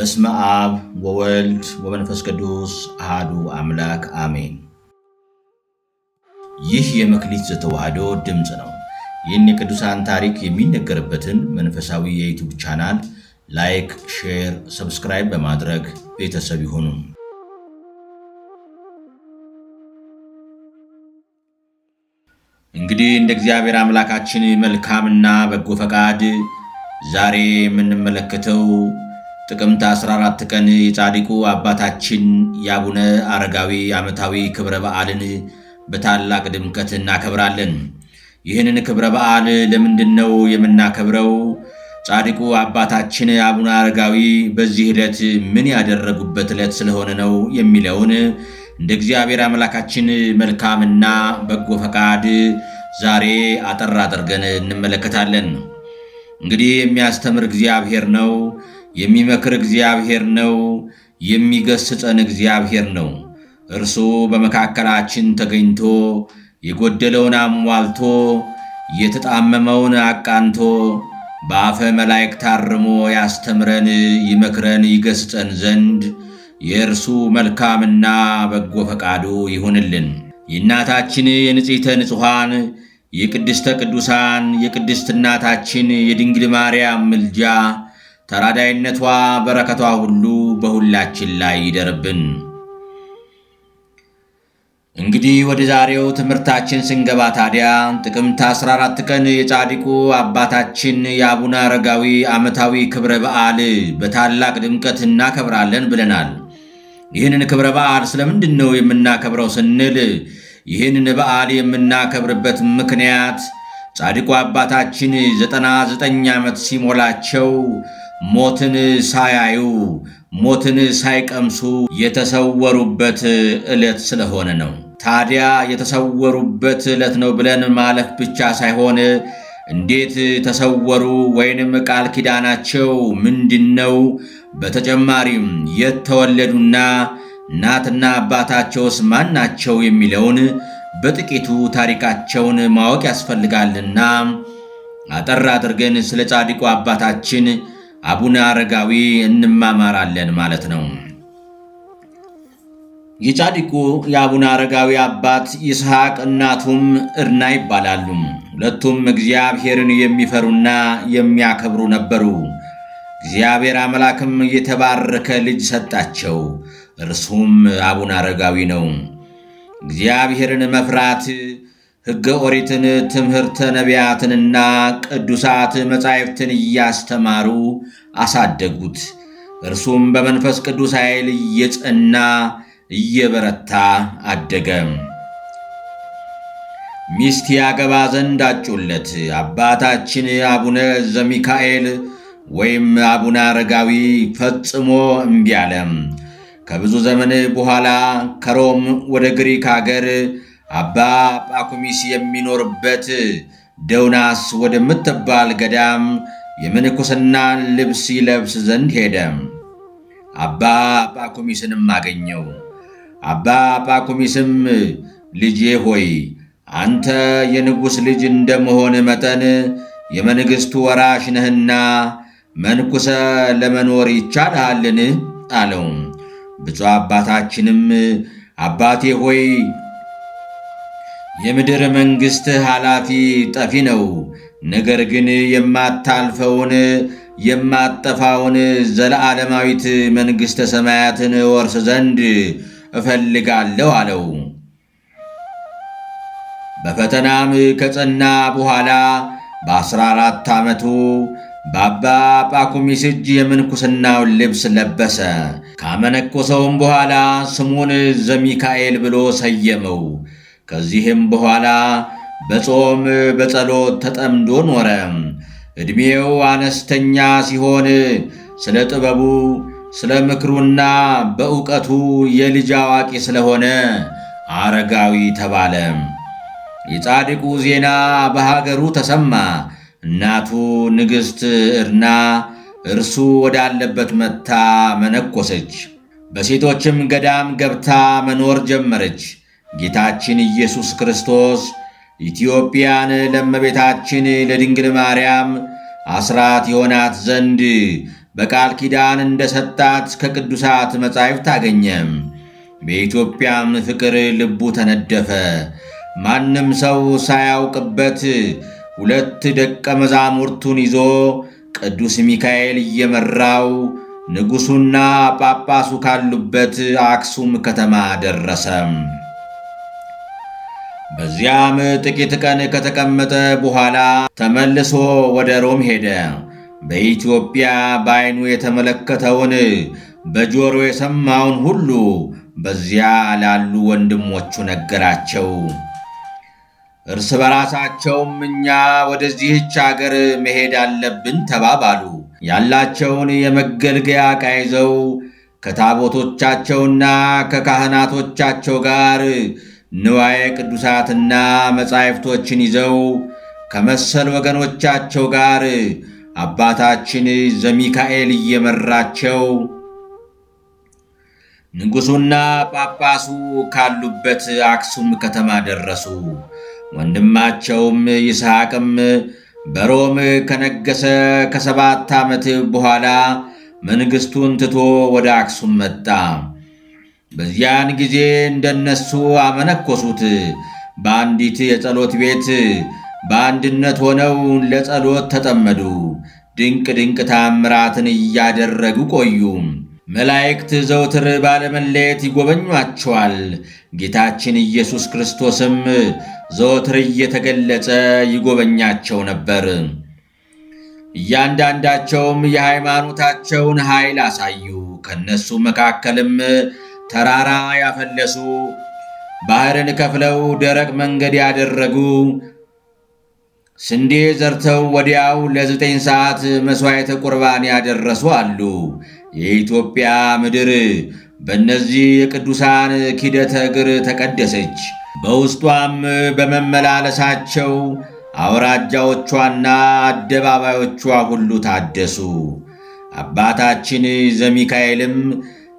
በስመ አብ ወወልድ ወመንፈስ ቅዱስ አሃዱ አምላክ አሜን። ይህ የመክሊት ዘተዋህዶ ድምፅ ነው። ይህን የቅዱሳን ታሪክ የሚነገርበትን መንፈሳዊ የዩቱብ ቻናል ላይክ፣ ሼር፣ ሰብስክራይብ በማድረግ ቤተሰብ ይሁኑ። እንግዲህ እንደ እግዚአብሔር አምላካችን መልካምና በጎ ፈቃድ ዛሬ የምንመለከተው ጥቅምት 14 ቀን የጻድቁ አባታችን የአቡነ አረጋዊ ዓመታዊ ክብረ በዓልን በታላቅ ድምቀት እናከብራለን። ይህንን ክብረ በዓል ለምንድን ነው የምናከብረው? ጻድቁ አባታችን አቡነ አረጋዊ በዚህ ዕለት ምን ያደረጉበት ዕለት ስለሆነ ነው የሚለውን እንደ እግዚአብሔር አምላካችን መልካምና በጎ ፈቃድ ዛሬ አጠር አድርገን እንመለከታለን። እንግዲህ የሚያስተምር እግዚአብሔር ነው። የሚመክር እግዚአብሔር ነው፣ የሚገስጸን እግዚአብሔር ነው። እርሱ በመካከላችን ተገኝቶ የጎደለውን አሟልቶ የተጣመመውን አቃንቶ በአፈ መላይክ ታርሞ ያስተምረን ይመክረን ይገስጸን ዘንድ የእርሱ መልካምና በጎ ፈቃዱ ይሁንልን። የእናታችን የንጽሕተ ንጹሐን የቅድስተ ቅዱሳን የቅድስት እናታችን የድንግል ማርያም ምልጃ ተራዳይነቷ በረከቷ ሁሉ በሁላችን ላይ ይደርብን። እንግዲህ ወደ ዛሬው ትምህርታችን ስንገባ ታዲያ ጥቅምት 14 ቀን የጻድቁ አባታችን የአቡነ አረጋዊ ዓመታዊ ክብረ በዓል በታላቅ ድምቀት እናከብራለን ብለናል። ይህንን ክብረ በዓል ስለምንድን ነው የምናከብረው ስንል ይህንን በዓል የምናከብርበት ምክንያት ጻድቁ አባታችን 99 ዓመት ሲሞላቸው ሞትን ሳያዩ ሞትን ሳይቀምሱ የተሰወሩበት ዕለት ስለሆነ ነው። ታዲያ የተሰወሩበት ዕለት ነው ብለን ማለፍ ብቻ ሳይሆን እንዴት ተሰወሩ ወይንም ቃል ኪዳናቸው ምንድን ነው? በተጨማሪም የት ተወለዱና እናትና አባታቸውስ ማን ናቸው የሚለውን በጥቂቱ ታሪካቸውን ማወቅ ያስፈልጋልና አጠር አድርገን ስለ ጻድቁ አባታችን አቡነ አረጋዊ እንማማራለን ማለት ነው። የጻድቁ የአቡነ አረጋዊ አባት ይስሐቅ እናቱም እርና ይባላሉ። ሁለቱም እግዚአብሔርን የሚፈሩና የሚያከብሩ ነበሩ። እግዚአብሔር አምላክም የተባረከ ልጅ ሰጣቸው። እርሱም አቡነ አረጋዊ ነው። እግዚአብሔርን መፍራት ሕገ ኦሪትን ትምህርተ ነቢያትንና ቅዱሳት መጻሕፍትን እያስተማሩ አሳደጉት። እርሱም በመንፈስ ቅዱስ ኃይል እየጸና እየበረታ አደገ። ሚስት ያገባ ዘንድ አጩለት። አባታችን አቡነ ዘሚካኤል ወይም አቡነ አረጋዊ ፈጽሞ እምቢ አለ። ከብዙ ዘመን በኋላ ከሮም ወደ ግሪክ አገር አባ ጳኩሚስ የሚኖርበት ደውናስ ወደምትባል ገዳም የምንኩስናን ልብስ ይለብስ ዘንድ ሄደ። አባ ጳኩሚስንም አገኘው። አባ ጳኩሚስም ልጄ ሆይ አንተ የንጉሥ ልጅ እንደመሆን መጠን የመንግሥቱ ወራሽ ነህና መንኩሰ ለመኖር ይቻልሃልን? አለው። ብፁዕ አባታችንም አባቴ ሆይ የምድር መንግሥት ኃላፊ ጠፊ ነው። ነገር ግን የማታልፈውን የማጠፋውን ዘለዓለማዊት መንግሥተ ሰማያትን ወርስ ዘንድ እፈልጋለሁ አለው። በፈተናም ከጸና በኋላ በ 14 ዓመቱ በአባ ጳኩሚስ እጅ የምንኩስናውን ልብስ ለበሰ። ካመነኮሰውም በኋላ ስሙን ዘሚካኤል ብሎ ሰየመው። ከዚህም በኋላ በጾም በጸሎት ተጠምዶ ኖረ። ዕድሜው አነስተኛ ሲሆን ስለ ጥበቡ ስለ ምክሩና በእውቀቱ የልጅ አዋቂ ስለሆነ አረጋዊ ተባለ። የጻድቁ ዜና በሀገሩ ተሰማ። እናቱ ንግሥት እርና እርሱ ወዳለበት መታ መነኮሰች። በሴቶችም ገዳም ገብታ መኖር ጀመረች። ጌታችን ኢየሱስ ክርስቶስ ኢትዮጵያን ለመቤታችን ለድንግል ማርያም አስራት የሆናት ዘንድ በቃል ኪዳን እንደ ሰጣት ከቅዱሳት መጻሕፍት አገኘም። በኢትዮጵያም ፍቅር ልቡ ተነደፈ። ማንም ሰው ሳያውቅበት ሁለት ደቀ መዛሙርቱን ይዞ ቅዱስ ሚካኤል እየመራው ንጉሡና ጳጳሱ ካሉበት አክሱም ከተማ ደረሰም። በዚያም ጥቂት ቀን ከተቀመጠ በኋላ ተመልሶ ወደ ሮም ሄደ። በኢትዮጵያ በዓይኑ የተመለከተውን በጆሮ የሰማውን ሁሉ በዚያ ላሉ ወንድሞቹ ነገራቸው። እርስ በራሳቸውም እኛ ወደዚህች አገር መሄድ አለብን ተባባሉ። ያላቸውን የመገልገያ ዕቃ ይዘው ከታቦቶቻቸውና ከካህናቶቻቸው ጋር ንዋየ ቅዱሳትና መጻሕፍቶችን ይዘው ከመሰል ወገኖቻቸው ጋር አባታችን ዘሚካኤል እየመራቸው ንጉሡና ጳጳሱ ካሉበት አክሱም ከተማ ደረሱ። ወንድማቸውም ይስሐቅም በሮም ከነገሰ ከሰባት ዓመት በኋላ መንግሥቱን ትቶ ወደ አክሱም መጣ። በዚያን ጊዜ እንደነሱ አመነኮሱት። በአንዲት የጸሎት ቤት በአንድነት ሆነው ለጸሎት ተጠመዱ። ድንቅ ድንቅ ታምራትን እያደረጉ ቆዩ። መላእክት ዘውትር ባለመለየት ይጎበኟቸዋል። ጌታችን ኢየሱስ ክርስቶስም ዘውትር እየተገለጸ ይጎበኛቸው ነበር። እያንዳንዳቸውም የሃይማኖታቸውን ኃይል አሳዩ። ከእነሱ መካከልም ተራራ ያፈለሱ ባህርን ከፍለው ደረቅ መንገድ ያደረጉ ስንዴ ዘርተው ወዲያው ለዘጠኝ ሰዓት መሥዋዕተ ቁርባን ያደረሱ አሉ። የኢትዮጵያ ምድር በእነዚህ የቅዱሳን ኪደተ እግር ተቀደሰች። በውስጧም በመመላለሳቸው አውራጃዎቿና አደባባዮቿ ሁሉ ታደሱ። አባታችን ዘሚካኤልም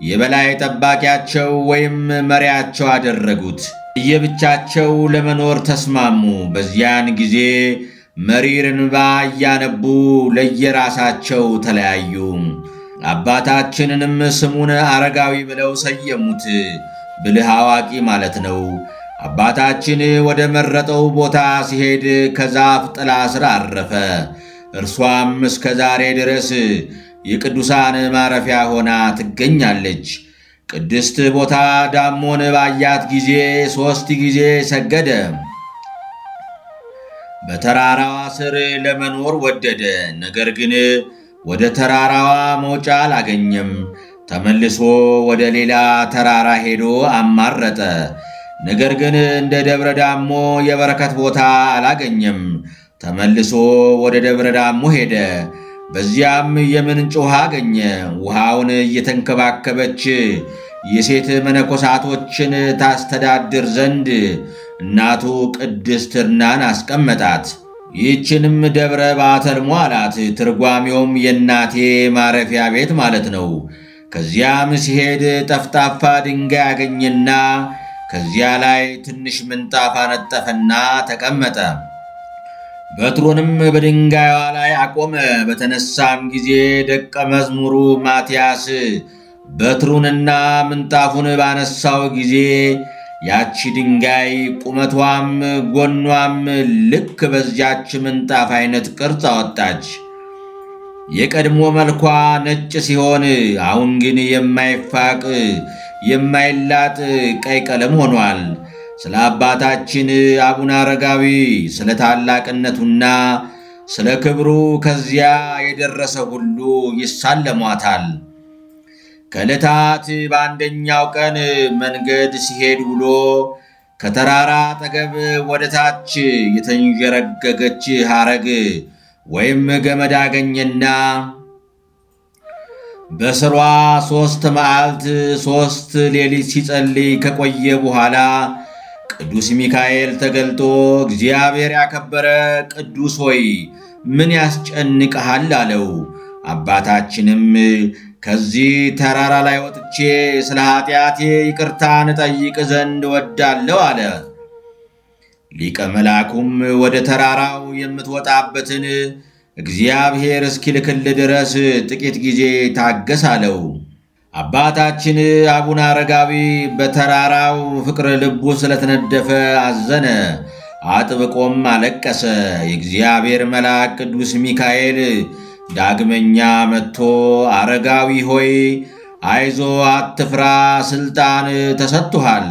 የበላይ ጠባቂያቸው ወይም መሪያቸው አደረጉት። እየብቻቸው ለመኖር ተስማሙ። በዚያን ጊዜ መሪር እንባ እያነቡ ለየራሳቸው ተለያዩ። አባታችንንም ስሙን አረጋዊ ብለው ሰየሙት። ብልህ አዋቂ ማለት ነው። አባታችን ወደ መረጠው ቦታ ሲሄድ ከዛፍ ጥላ ስር አረፈ። እርሷም እስከ ዛሬ ድረስ የቅዱሳን ማረፊያ ሆና ትገኛለች። ቅድስት ቦታ ዳሞን ባያት ጊዜ ሦስት ጊዜ ሰገደ። በተራራዋ ስር ለመኖር ወደደ። ነገር ግን ወደ ተራራዋ መውጫ አላገኘም። ተመልሶ ወደ ሌላ ተራራ ሄዶ አማረጠ። ነገር ግን እንደ ደብረ ዳሞ የበረከት ቦታ አላገኘም። ተመልሶ ወደ ደብረ ዳሞ ሄደ። በዚያም የምንጭ ውሃ አገኘ። ውሃውን እየተንከባከበች የሴት መነኮሳቶችን ታስተዳድር ዘንድ እናቱ ቅድስት እርናን አስቀመጣት። ይህችንም ደብረ ባተልሞ አላት። ትርጓሜውም የእናቴ ማረፊያ ቤት ማለት ነው። ከዚያም ሲሄድ ጠፍጣፋ ድንጋይ አገኘና ከዚያ ላይ ትንሽ ምንጣፍ አነጠፈና ተቀመጠ። በትሩንም በድንጋይዋ ላይ አቆመ። በተነሳም ጊዜ ደቀ መዝሙሩ ማትያስ በትሩንና ምንጣፉን ባነሳው ጊዜ ያቺ ድንጋይ ቁመቷም ጎኗም ልክ በዚያች ምንጣፍ አይነት ቅርጽ አወጣች። የቀድሞ መልኳ ነጭ ሲሆን አሁን ግን የማይፋቅ የማይላጥ ቀይ ቀለም ሆኗል። ስለ አባታችን አቡነ አረጋዊ ስለ ታላቅነቱና ስለ ክብሩ ከዚያ የደረሰ ሁሉ ይሳለሟታል። ከዕለታት በአንደኛው ቀን መንገድ ሲሄድ ውሎ ከተራራ አጠገብ ወደ ታች የተንዠረገገች ሐረግ ወይም ገመድ አገኘና በስሯ ሦስት መዓልት ሦስት ሌሊት ሲጸልይ ከቆየ በኋላ ቅዱስ ሚካኤል ተገልጦ እግዚአብሔር ያከበረ ቅዱስ ሆይ ምን ያስጨንቅሃል አለው። አባታችንም ከዚህ ተራራ ላይ ወጥቼ ስለ ኃጢአቴ ይቅርታን ጠይቅ ዘንድ ወዳለው አለ። ሊቀ መላኩም ወደ ተራራው የምትወጣበትን እግዚአብሔር እስኪልክል ድረስ ጥቂት ጊዜ ታገስ አለው። አባታችን አቡነ አረጋዊ በተራራው ፍቅር ልቡ ስለተነደፈ አዘነ፣ አጥብቆም አለቀሰ። የእግዚአብሔር መልአክ ቅዱስ ሚካኤል ዳግመኛ መጥቶ አረጋዊ ሆይ አይዞ አትፍራ፣ ሥልጣን ተሰጥቶሃል።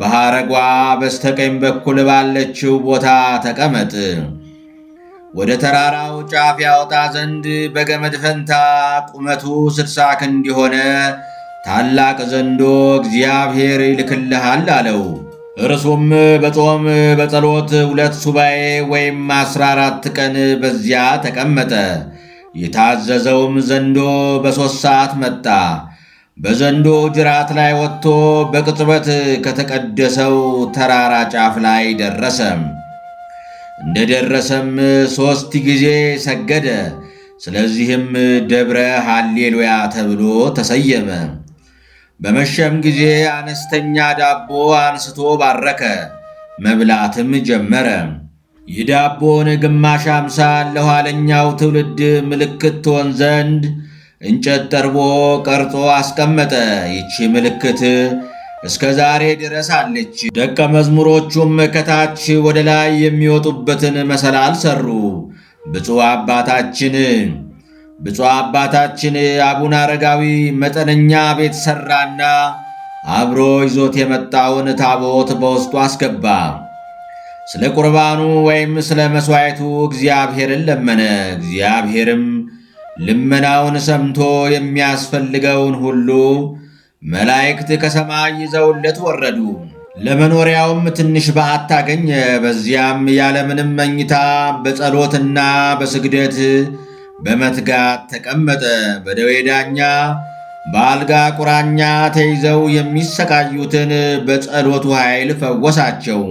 በሐረጓ በስተቀኝ በኩል ባለችው ቦታ ተቀመጥ ወደ ተራራው ጫፍ ያወጣ ዘንድ በገመድ ፈንታ ቁመቱ ስድሳ ክንድ የሆነ ታላቅ ዘንዶ እግዚአብሔር ይልክልሃል አለው። እርሱም በጾም በጸሎት ሁለት ሱባኤ ወይም አስራ አራት ቀን በዚያ ተቀመጠ። የታዘዘውም ዘንዶ በሦስት ሰዓት መጣ። በዘንዶ ጅራት ላይ ወጥቶ በቅጽበት ከተቀደሰው ተራራ ጫፍ ላይ ደረሰም። እንደደረሰም ሦስት ጊዜ ሰገደ። ስለዚህም ደብረ ሃሌሉያ ተብሎ ተሰየመ። በመሸም ጊዜ አነስተኛ ዳቦ አንስቶ ባረከ፣ መብላትም ጀመረ። ይህ ዳቦን ግማሽ አምሳ ለኋለኛው ትውልድ ምልክት ትሆን ዘንድ እንጨት ጠርቦ ቀርጾ አስቀመጠ። ይቺ ምልክት እስከ ዛሬ ድረስ አለች። ደቀ መዝሙሮቹም ከታች ወደ ላይ የሚወጡበትን መሰላል ሰሩ። ብፁዕ አባታችን ብፁዕ አባታችን አቡነ አረጋዊ መጠነኛ ቤት ሠራና አብሮ ይዞት የመጣውን ታቦት በውስጡ አስገባ። ስለ ቁርባኑ ወይም ስለ መሥዋዕቱ እግዚአብሔርን ለመነ። እግዚአብሔርም ልመናውን ሰምቶ የሚያስፈልገውን ሁሉ መላእክት ከሰማይ ይዘውለት ወረዱ። ለመኖሪያውም ትንሽ በዓት ታገኘ። በዚያም ያለምንም መኝታ በጸሎትና በስግደት በመትጋት ተቀመጠ። በደዌ ዳኛ በአልጋ ቁራኛ ተይዘው የሚሰቃዩትን በጸሎቱ ኃይል ፈወሳቸው።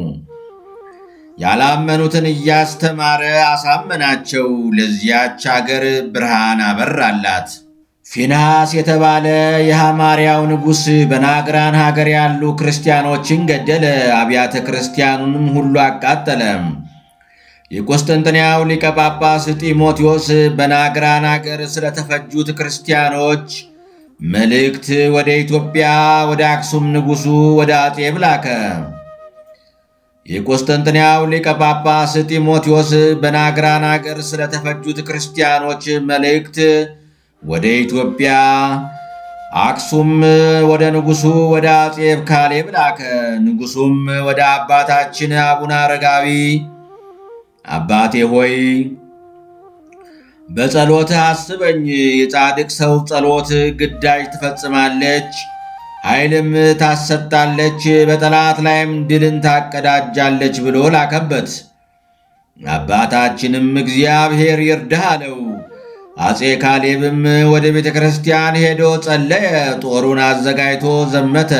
ያላመኑትን እያስተማረ አሳመናቸው። ለዚያች አገር ብርሃን አበራላት። ፊናስ የተባለ የሐማርያው ንጉሥ በናግራን ሀገር ያሉ ክርስቲያኖችን ገደለ፣ አብያተ ክርስቲያኑንም ሁሉ አቃጠለ። የቆስጠንጥንያው ሊቀ ጳጳስ ጢሞቴዎስ በናግራን አገር ስለተፈጁት ክርስቲያኖች መልእክት ወደ ኢትዮጵያ ወደ አክሱም ንጉሡ ወደ አጤብ ላከ። የቆስጠንጥንያው ሊቀ ጳጳስ ጢሞቴዎስ በናግራን አገር ስለተፈጁት ክርስቲያኖች መልእክት ወደ ኢትዮጵያ አክሱም ወደ ንጉሱ ወደ አጼ ካሌብ ላከ። ንጉሱም ወደ አባታችን አቡነ አረጋዊ አባቴ ሆይ በጸሎት አስበኝ። የጻድቅ ሰው ጸሎት ግዳጅ ትፈጽማለች፣ ኃይልም ታሰጣለች፣ በጠላት ላይም ድልን ታቀዳጃለች ብሎ ላከበት። አባታችንም እግዚአብሔር ይርዳህ አለው። አፄ ካሌብም ወደ ቤተ ክርስቲያን ሄዶ ጸለየ፣ ጦሩን አዘጋጅቶ ዘመተ።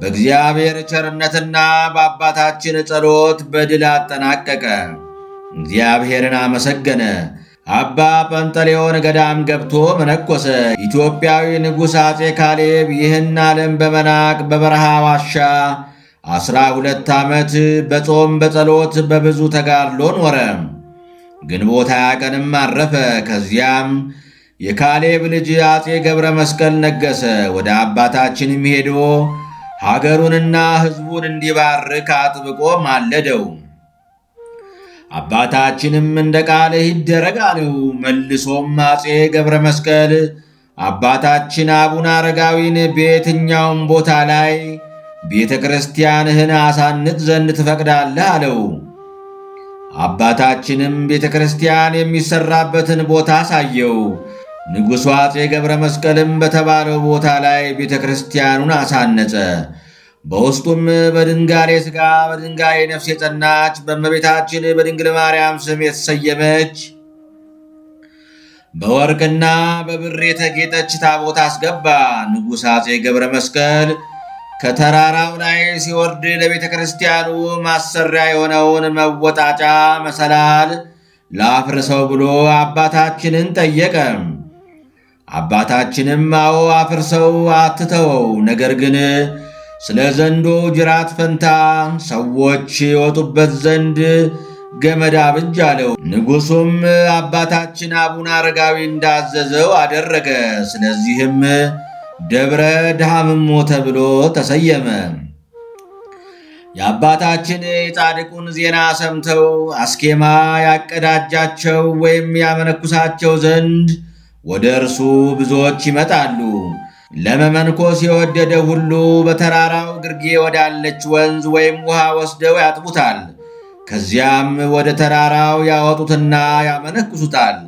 በእግዚአብሔር ቸርነትና በአባታችን ጸሎት በድል አጠናቀቀ። እግዚአብሔርን አመሰገነ። አባ ጰንጠሌዎን ገዳም ገብቶ መነኮሰ። ኢትዮጵያዊ ንጉሥ አጼ ካሌብ ይህን ዓለም በመናቅ በበረሃ ዋሻ ዐሥራ ሁለት ዓመት በጾም በጸሎት በብዙ ተጋድሎ ኖረ። ግንቦት ሃያ ቀንም አረፈ። ከዚያም የካሌብ ልጅ አጼ ገብረ መስቀል ነገሰ። ወደ አባታችንም ሄዶ ሀገሩንና ሕዝቡን እንዲባርክ አጥብቆ ማለደው። አባታችንም እንደ ቃልህ ይደረግ አለው። መልሶም አጼ ገብረ መስቀል አባታችን አቡነ አረጋዊን በየትኛውም ቦታ ላይ ቤተ ክርስቲያንህን አሳንጥ ዘንድ ትፈቅዳለህ አለው። አባታችንም ቤተ ክርስቲያን የሚሰራበትን ቦታ አሳየው። ንጉሡ አፄ ገብረ መስቀልም በተባለው ቦታ ላይ ቤተ ክርስቲያኑን አሳነጸ። በውስጡም በድንጋሌ ሥጋ በድንጋሌ ነፍስ የጸናች በእመቤታችን በድንግል ማርያም ስም የተሰየመች በወርቅና በብር የተጌጠች ታቦት አስገባ። ንጉሥ አፄ ገብረ መስቀል ከተራራው ላይ ሲወርድ ለቤተ ክርስቲያኑ ማሰሪያ የሆነውን መወጣጫ መሰላል ላፍርሰው ብሎ አባታችንን ጠየቀ። አባታችንም አዎ አፍርሰው አትተወው፣ ነገር ግን ስለ ዘንዶ ጅራት ፈንታ ሰዎች የወጡበት ዘንድ ገመድ አብጅ አለው። ንጉሡም አባታችን አቡነ አረጋዊ እንዳዘዘው አደረገ። ስለዚህም ደብረ ድሃምሞ ተብሎ ተሰየመ። የአባታችን የጻድቁን ዜና ሰምተው አስኬማ ያቀዳጃቸው ወይም ያመነኩሳቸው ዘንድ ወደ እርሱ ብዙዎች ይመጣሉ። ለመመንኮስ የወደደ ሁሉ በተራራው ግርጌ ወዳለች ወንዝ ወይም ውሃ ወስደው ያጥቡታል። ከዚያም ወደ ተራራው ያወጡትና ያመነኩሱታል።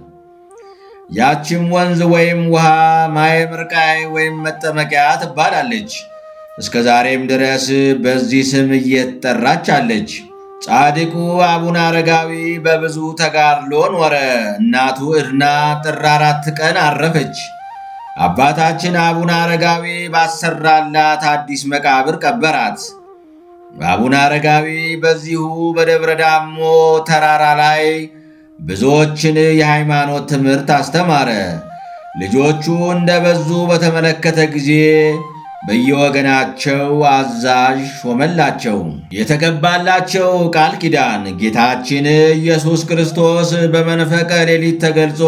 ያችም ወንዝ ወይም ውሃ ማየ ምርቃይ ወይም መጠመቂያ ትባላለች። እስከ ዛሬም ድረስ በዚህ ስም እየተጠራች አለች። ጻድቁ አቡነ አረጋዊ በብዙ ተጋድሎ ኖረ። እናቱ እድና ጥር አራት ቀን አረፈች። አባታችን አቡነ አረጋዊ ባሰራላት አዲስ መቃብር ቀበራት። አቡነ አረጋዊ በዚሁ በደብረ ዳሞ ተራራ ላይ ብዙዎችን የሃይማኖት ትምህርት አስተማረ። ልጆቹ እንደ በዙ በተመለከተ ጊዜ በየወገናቸው አዛዥ ሾመላቸው። የተገባላቸው ቃል ኪዳን ጌታችን ኢየሱስ ክርስቶስ በመንፈቀ ሌሊት ተገልጾ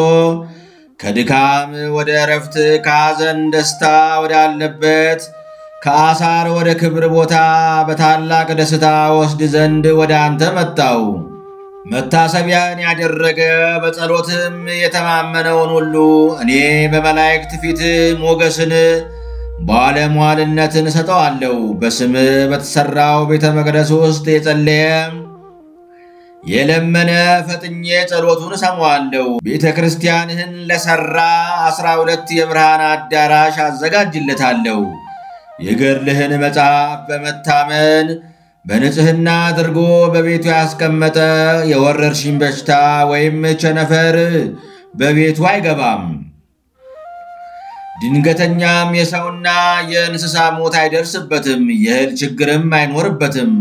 ከድካም ወደ እረፍት፣ ከሐዘን ደስታ ወዳለበት ከአሳር ወደ ክብር ቦታ በታላቅ ደስታ ወስድ ዘንድ ወደ አንተ መጣው መታሰቢያን ያደረገ በጸሎትም የተማመነውን ሁሉ እኔ በመላእክት ፊት ሞገስን ባለሟልነትን ሰጠዋለሁ። በስም በተሠራው ቤተ መቅደስ ውስጥ የጸለየ የለመነ ፈጥኜ ጸሎቱን እሰማዋለሁ። ቤተ ክርስቲያንህን ለሠራ ዐሥራ ሁለት የብርሃን አዳራሽ አዘጋጅለታለሁ። የገድልህን መጽሐፍ በመታመን በንጽህና አድርጎ በቤቱ ያስቀመጠ የወረርሽኝ በሽታ ወይም ቸነፈር በቤቱ አይገባም። ድንገተኛም የሰውና የእንስሳ ሞት አይደርስበትም። የእህል ችግርም አይኖርበትም።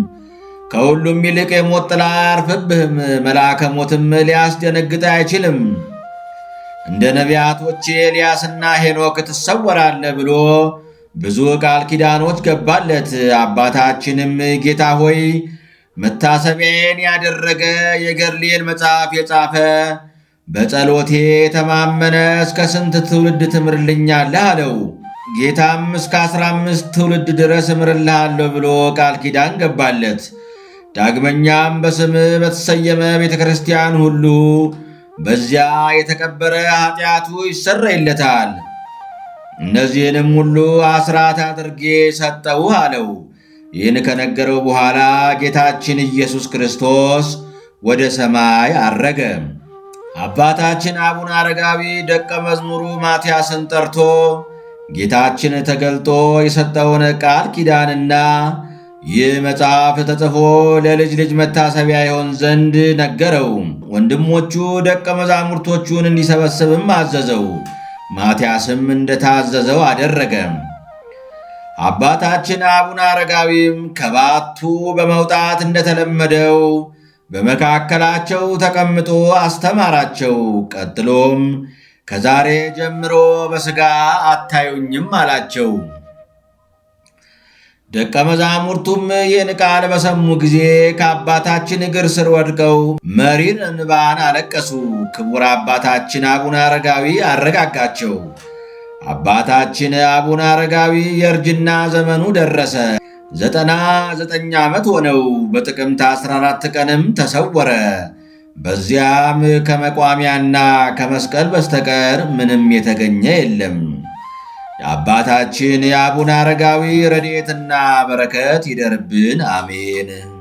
ከሁሉም ይልቅ የሞት ጥላ አርፍብህም። መልአከ ሞትም ሊያስደነግጥ አይችልም። እንደ ነቢያቶች ኤልያስና ሄኖክ ትሰወራለህ ብሎ ብዙ ቃል ኪዳኖች ገባለት። አባታችንም ጌታ ሆይ መታሰቢያን ያደረገ የገድሌን መጽሐፍ የጻፈ በጸሎቴ የተማመነ እስከ ስንት ትውልድ ትምርልኛለህ? አለው። ጌታም እስከ አስራ አምስት ትውልድ ድረስ እምርልሃለሁ ብሎ ቃል ኪዳን ገባለት። ዳግመኛም በስም በተሰየመ ቤተ ክርስቲያን ሁሉ በዚያ የተቀበረ ኃጢአቱ ይሰረይለታል። እነዚህንም ሁሉ አስራት አድርጌ ሰጠው አለው። ይህን ከነገረው በኋላ ጌታችን ኢየሱስ ክርስቶስ ወደ ሰማይ አረገ። አባታችን አቡነ አረጋዊ ደቀ መዝሙሩ ማትያስን ጠርቶ ጌታችን ተገልጦ የሰጠውን ቃል ኪዳንና ይህ መጽሐፍ ተጽፎ ለልጅ ልጅ መታሰቢያ ይሆን ዘንድ ነገረው። ወንድሞቹ ደቀ መዛሙርቶቹን እንዲሰበስብም አዘዘው። ማትያስም እንደታዘዘው አደረገ። አባታችን አቡነ አረጋዊም ከባቱ በመውጣት እንደተለመደው በመካከላቸው ተቀምጦ አስተማራቸው። ቀጥሎም ከዛሬ ጀምሮ በሥጋ አታዩኝም አላቸው። ደቀ መዛሙርቱም ይህን ቃል በሰሙ ጊዜ ከአባታችን እግር ስር ወድቀው መሪር እንባን አለቀሱ። ክቡር አባታችን አቡነ አረጋዊ አረጋጋቸው። አባታችን አቡነ አረጋዊ የእርጅና ዘመኑ ደረሰ። ዘጠና ዘጠኝ ዓመት ሆነው። በጥቅምት 14 ቀንም ተሰወረ። በዚያም ከመቋሚያና ከመስቀል በስተቀር ምንም የተገኘ የለም። የአባታችን የአቡነ አረጋዊ ረድኤትና በረከት ይደርብን፣ አሜን።